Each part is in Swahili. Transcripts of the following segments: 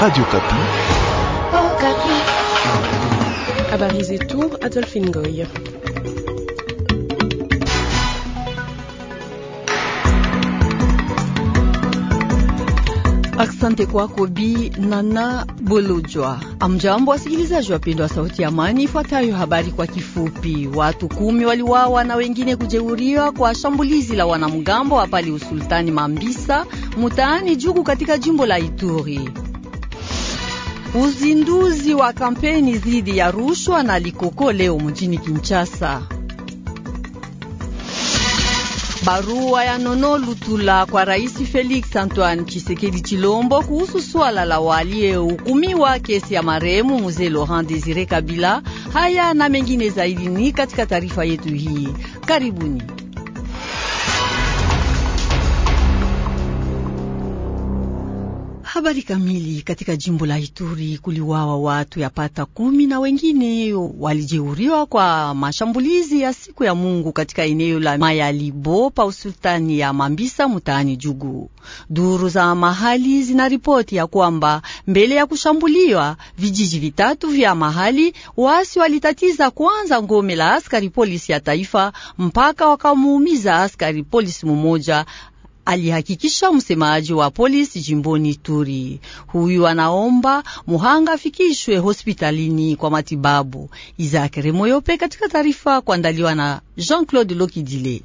Radio Kapi. Oh, Kapi. Habari zetu, Adolphe Ngoy. Asante kwako Bi Nana Bolojwa. Amjambo wasikilizaji wapendwa wa Sauti ya Amani, ifuatayo habari kwa kifupi. Watu kumi waliwawa na wengine kujeuriwa kwa shambulizi la wanamgambo hapa usultani Mambisa mutaani Jugu katika jimbo la Ituri. Uzinduzi wa kampeni dhidi ya rushwa na likoko leo mjini Kinshasa. Barua ya Nono Lutula kwa Rais Felix Antoine chisekedi Chilombo kuhusu swala la waliyehukumiwa kesi ya marehemu Mzee Laurent Desire Kabila. Haya na mengine zaidi ni katika taarifa yetu hii. Karibuni. Habari kamili. Katika jimbo la Ituri kuliwawa watu yapata kumi na wengine walijeuriwa kwa mashambulizi ya siku ya Mungu katika eneo la Mayalibo pa usultani ya Mambisa mutaani Jugu. Duru za mahali zina ripoti ya kwamba mbele ya kushambuliwa vijiji vitatu vya mahali, wasi walitatiza kwanza ngome la askari polisi ya taifa mpaka wakamuumiza askari polisi mumoja alihakikisha msemaji wa polisi jimboni Turi. Huyu anaomba muhanga afikishwe hospitalini kwa matibabu. Izakere Remoyope katika taarifa kuandaliwa na Jean-Claude Lokidile.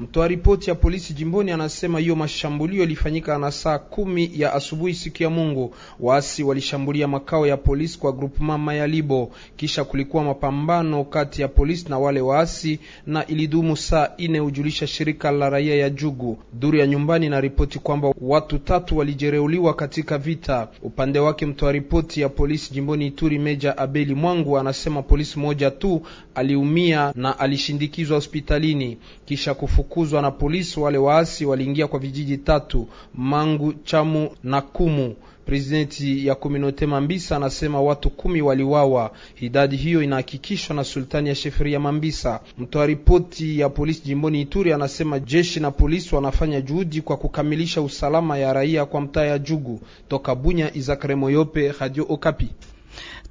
Mtoa ripoti ya polisi jimboni anasema hiyo mashambulio ilifanyika na saa kumi ya asubuhi siku ya Mungu. Waasi walishambulia makao ya polisi kwa ya Mayalibo, kisha kulikuwa mapambano kati ya polisi na wale waasi na ilidumu saa ine, hujulisha shirika la raia ya Jugu. Duru ya nyumbani ripoti kwamba watu tatu walijereuliwa katika vita. Upande wake mtoa ripoti ya polisi jimboni Ituri Meja Abeli Mwangu anasema polisi moja tu aliumia na alishindikizwa hospitalini kisha kufu walifukuzwa na polisi, wale waasi waliingia kwa vijiji tatu Mangu, Chamu na Kumu. Presidenti ya Kominote Mambisa anasema watu kumi waliwawa. Idadi hiyo inahakikishwa na sultani ya sheferia Mambisa. Mtoa ripoti ya polisi jimboni Ituri anasema jeshi na polisi wanafanya juhudi kwa kukamilisha usalama ya raia kwa mtaa ya Jugu. Toka Bunya, Izakare Moyope, Radio Okapi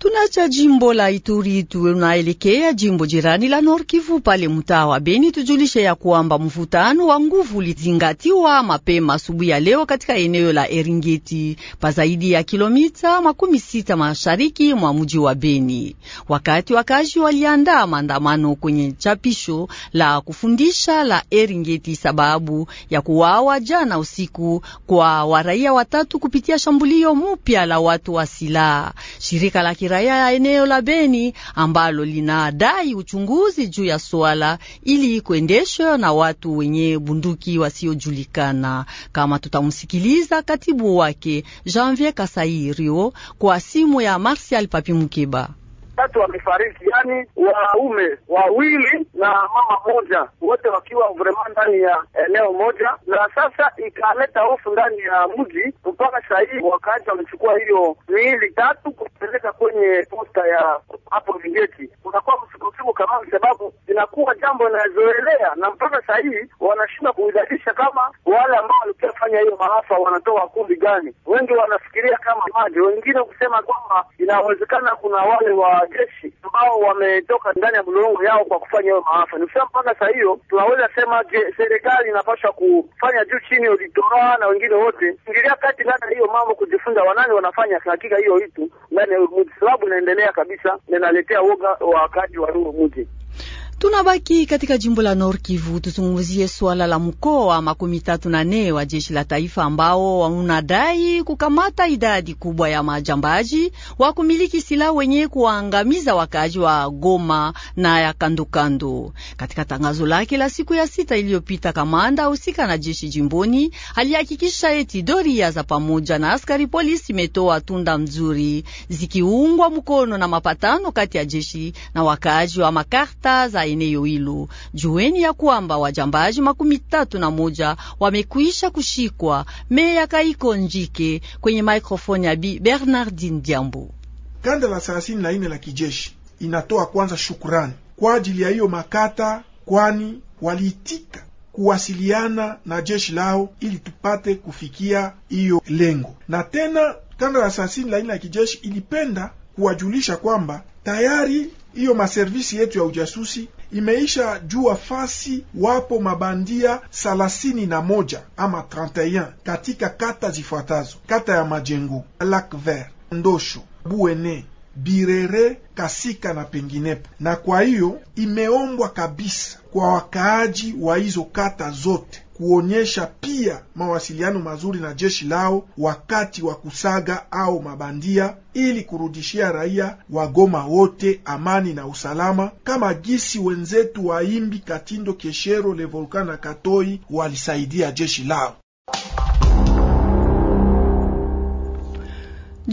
tunacha jimbo la Ituri, tunaelekea jimbo jirani la Nord Kivu pale mtaa wa Beni. Tujulishe ya kwamba mvutano wa nguvu ulizingatiwa mapema asubuhi ya leo katika eneo la Eringeti pa zaidi ya kilomita makumi sita mashariki mwa mji wa Beni, wakati wakazi waliandaa maandamano kwenye chapisho la kufundisha la Eringeti sababu ya kuwawa jana usiku kwa waraia watatu kupitia shambulio mupya la watu wa silaha shirika la raia ya eneo la Beni ambalo linadai uchunguzi juu ya swala ili kuendeshwa na watu wenye bunduki wasiojulikana. Kama tutamsikiliza katibu wake Janvier Kasairio kwa simu ya Marsial Papi Mukeba tatu wamefariki, yani waume wawili na mama moja, wote wakiwa vrema ndani ya eneo moja, na sasa ikaleta hofu ndani ya mji. Mpaka sahii wakaaji wamechukua hiyo miili tatu kupeleka kwenye posta ya hapo Vingeti. Kunakuwa msukosuko kama sababu inakuwa jambo inazoelea, na mpaka sahii wanashindwa kuidadisha kama wale ambao walikuwa fanya hiyo maafa wanatoa kundi gani. Wengi wanafikiria kama maji, wengine kusema kwamba inawezekana kuna wale wa jeshi ambao wametoka ndani ya mlolongo yao kwa kufanya hiyo maafa. Ni kusema mpaka saa hiyo tunaweza sema serikali inapaswa kufanya juu chini, ulitoroa na wengine wote ingilia kati ndani ya hiyo mambo, kujifunza wanani wanafanya hakika hiyo itu ndani ya sababu inaendelea kabisa na inaletea woga wakati wa huo mji. Tunabaki katika jimbo la Nord Kivu, tuzungumzie swala la mkoa makumi tatu na nne wa jeshi la taifa ambao unadai kukamata idadi kubwa ya majambaji wa kumiliki silaha wenye kuwaangamiza wakaaji wa Goma na ya kandokando. Katika tangazo lake la siku ya sita iliyopita, kamanda husika na jeshi jimboni alihakikisha eti doria za pamoja na askari polisi imetoa tunda mzuri zikiungwa mkono na mapatano kati ya jeshi na wakaaji wa makarta za eneo hilo. Jueni ya kwamba wajambaji makumi tatu na moja wamekwisha kushikwa. Meya Kaiko Njike kwenye mikrofoni ya Bi Bernardin Diambo. kanda la thelathini na nne la kijeshi inatoa kwanza shukurani kwa ajili ya hiyo makata, kwani waliitika kuwasiliana na jeshi lao ili tupate kufikia hiyo lengo. Na tena kanda la thelathini na nne la kijeshi ilipenda kuwajulisha kwamba tayari hiyo maservisi yetu ya ujasusi imeisha jua fasi wapo mabandia salasini na moja ama 31 katika kata zifuatazo: kata ya Majengo, Lac Vert, Ndosho, Buene, Birere, Kasika na penginepo. Na kwa hiyo imeombwa kabisa kwa wakaaji wa hizo kata zote kuonyesha pia mawasiliano mazuri na jeshi lao wakati wa kusaga au mabandia, ili kurudishia raia wa Goma wote amani na usalama, kama gisi wenzetu waimbi Katindo, Keshero, Levolkana na Katoi walisaidia jeshi lao.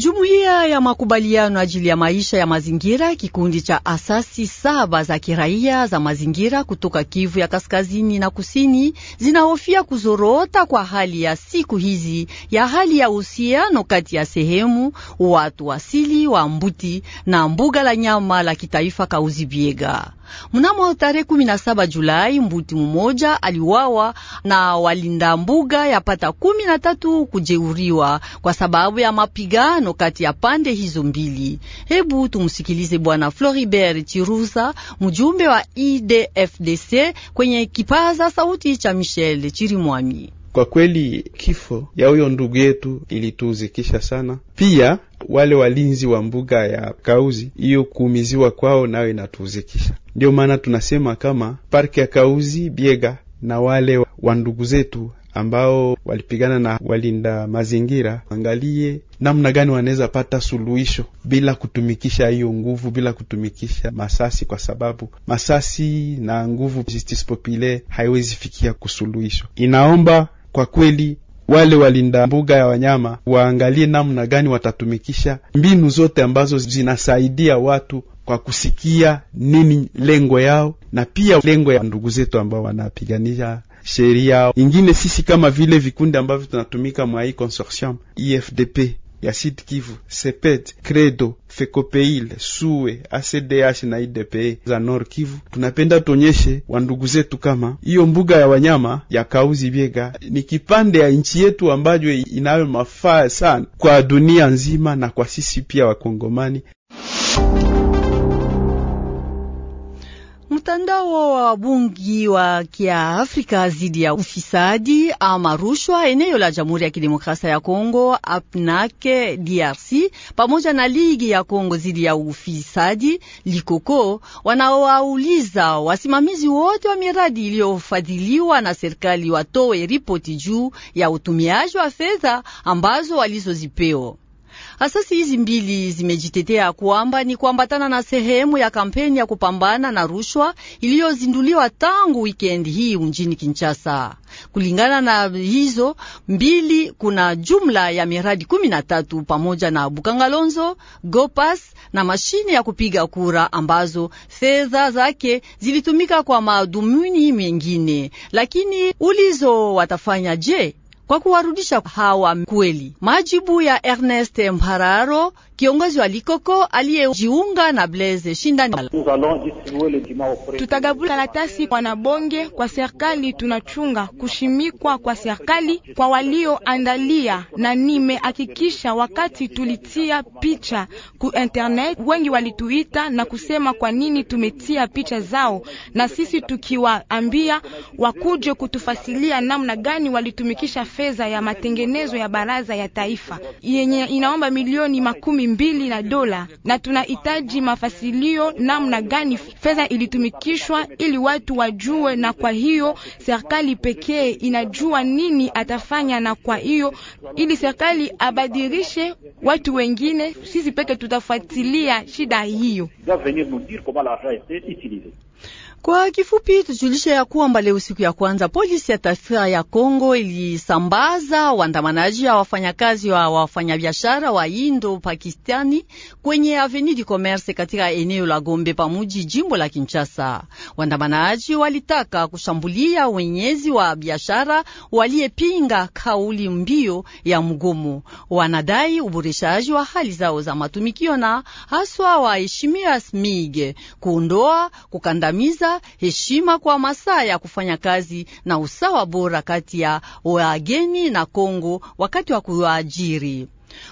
Jumuiya ya makubaliano ajili ya maisha ya mazingira, kikundi cha asasi saba za kiraia za mazingira kutoka Kivu ya kaskazini na kusini, zinahofia kuzorota kwa hali ya siku hizi ya hali ya uhusiano kati ya sehemu watu asili wa Mbuti na mbuga la nyama la kitaifa Kauzi Biega. Mnamo tarehe 17 Julai, mbuti mmoja aliwawa na walinda mbuga yapata kumi na tatu kujeuriwa kwa sababu ya mapigano kati ya pande hizo mbili. Hebu tumsikilize Bwana Floribert Chirusa, mjumbe wa IDFDC kwenye kipaza sauti cha Michel Chirimwami. Kwa kweli kifo ya huyo ndugu yetu ilituhuzikisha sana, pia wale walinzi wa mbuga ya Kauzi, hiyo kuumiziwa kwao nayo inatuhuzikisha. ndiyo maana tunasema kama parki ya Kauzi Biega na wale wa ndugu zetu ambao walipigana na walinda mazingira, angalie namna gani wanaweza pata suluhisho bila kutumikisha hiyo nguvu, bila kutumikisha masasi, kwa sababu masasi na nguvu justice populaire haiwezi fikia kusuluhisho, inaomba kwa kweli wale walinda mbuga ya wanyama waangalie namna gani watatumikisha mbinu zote ambazo zinasaidia watu kwa kusikia nini lengo yao na pia lengo ya ndugu zetu ambao wanapiganisha sheria ingine. Sisi kama vile vikundi ambavyo tunatumika mwa hii consortium IFDP ya Sud Kivu, Sepet, Credo, Fekopeil, SUE, ACDH na IDPE za Nord Kivu. Tunapenda tuonyeshe wandugu zetu kama hiyo mbuga ya wanyama ya Kauzi Biega ni kipande ya nchi yetu ambayo inayo mafaa sana kwa dunia nzima na kwa sisi pia Wakongomani. Mtandao wa bungi wa kiafrika Afrika ya ufisadi ama rushwa eneo la Jamhuri ya Kidemokrasia ya Kongo apnake DRC pamoja na ligi ya Kongo zidi ya ufisadi Likoko wanawauliza wasimamizi wote wa miradi iliyofadhiliwa na serikali watowe ripoti juu ya utumiaji wa fedha ambazo walizozipewa. Asasi hizi mbili zimejitetea kwamba ni kuambatana na sehemu ya kampeni ya kupambana na rushwa iliyozinduliwa tangu wikendi hii mjini Kinshasa. Kulingana na hizo mbili, kuna jumla ya miradi kumi na tatu pamoja na Bukangalonzo, Gopas na mashine ya kupiga kura ambazo fedha zake zilitumika kwa madhumuni mengine, lakini ulizo watafanya je? kwa kuwarudisha hawa kweli. Majibu ya Ernest Mhararo kiongozi wa Likoko aliyejiunga na Blaise Shindani. Tutagabula karatasi wanabonge kwa serikali, tunachunga kushimikwa kwa serikali kwa walioandalia, na nimehakikisha wakati tulitia picha ku internet, wengi walituita na kusema kwa nini tumetia picha zao, na sisi tukiwaambia wakuje kutufasilia namna gani walitumikisha fedha ya matengenezo ya baraza ya taifa yenye inaomba milioni makumi mbili na dola, na tunahitaji mafasilio namna gani fedha ilitumikishwa ili watu wajue, na kwa hiyo serikali pekee inajua nini atafanya, na kwa hiyo ili serikali abadilishe watu wengine, sisi peke tutafuatilia shida hiyo. Kwa kifupi tujulishe ya kwamba leo siku ya kwanza polisi ya taifa ya Kongo ilisambaza waandamanaji ya wafanyakazi wa wafanyabiashara wa Indo Pakistani kwenye Avenue du Commerce katika eneo la Gombe pamuji jimbo la Kinshasa. Waandamanaji walitaka kushambulia wenyezi wa biashara waliyepinga kauli mbio ya mgomo. Wanadai uboreshaji wa hali zao za matumikio na haswa waheshimiwa smige kuondoa kukandamiza heshima kwa masaa ya kufanya kazi na usawa bora kati ya wageni na Kongo wakati wa kuajiri.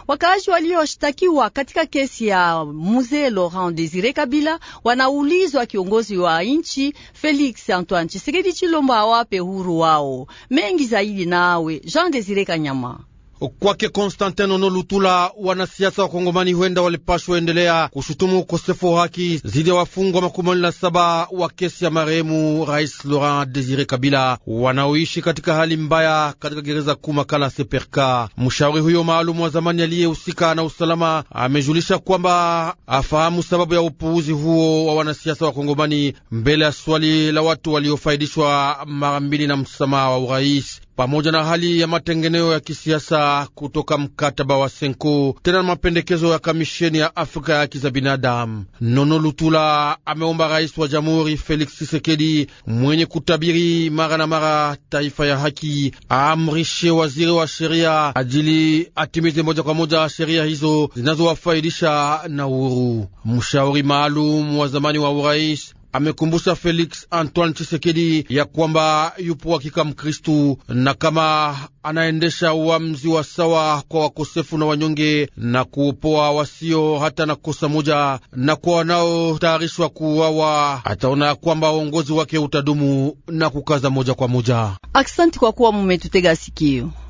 Wakaaji walioshtakiwa katika kesi ya Mzee Laurent Desire Kabila wanaulizwa kiongozi wa nchi Felix Antoine Tshisekedi Chilombo awape huru wao. Mengi zaidi nawe Jean Desire Kanyama. Kwake konstantin nono Lutula, wanasiasa wa Kongomani huenda walipashwa endelea kushutumu ukosefu wa haki zidi ya wafungwa makumi na saba wa kesi ya marehemu Rais Laurent Desire Kabila wanaoishi katika hali mbaya katika gereza kuu Makala Seperka. Mshauri huyo maalumu wa zamani aliyehusika na usalama amejulisha kwamba afahamu sababu ya upuuzi huo wa wanasiasa wa Kongomani mbele ya swali la watu waliofaidishwa mara mbili na msamaha wa urais pamoja na hali ya matengeneo ya kisiasa kutoka mkataba wa Senko, tena na mapendekezo ya kamisheni ya Afrika ya haki za binadamu. Nono Lutula ameomba rais wa jamhuri Felix Tshisekedi mwenye kutabiri mara na mara taifa ya haki aamrishe waziri wa sheria ajili atimize moja kwa moja sheria hizo zinazowafaidisha na uhuru. Mshauri maalum wa zamani wa urais amekumbusha Felix Antoine Chisekedi ya kwamba yupo hakika Mkristu na kama anaendesha uamuzi wa sawa kwa wakosefu na wanyonge na kuopoa wasio hata na kosa moja na kwa wanaotayarishwa kuuawa, ataona ya kwamba uongozi wake utadumu na kukaza moja kwa moja. Aksanti kwa kuwa mumetutega sikio.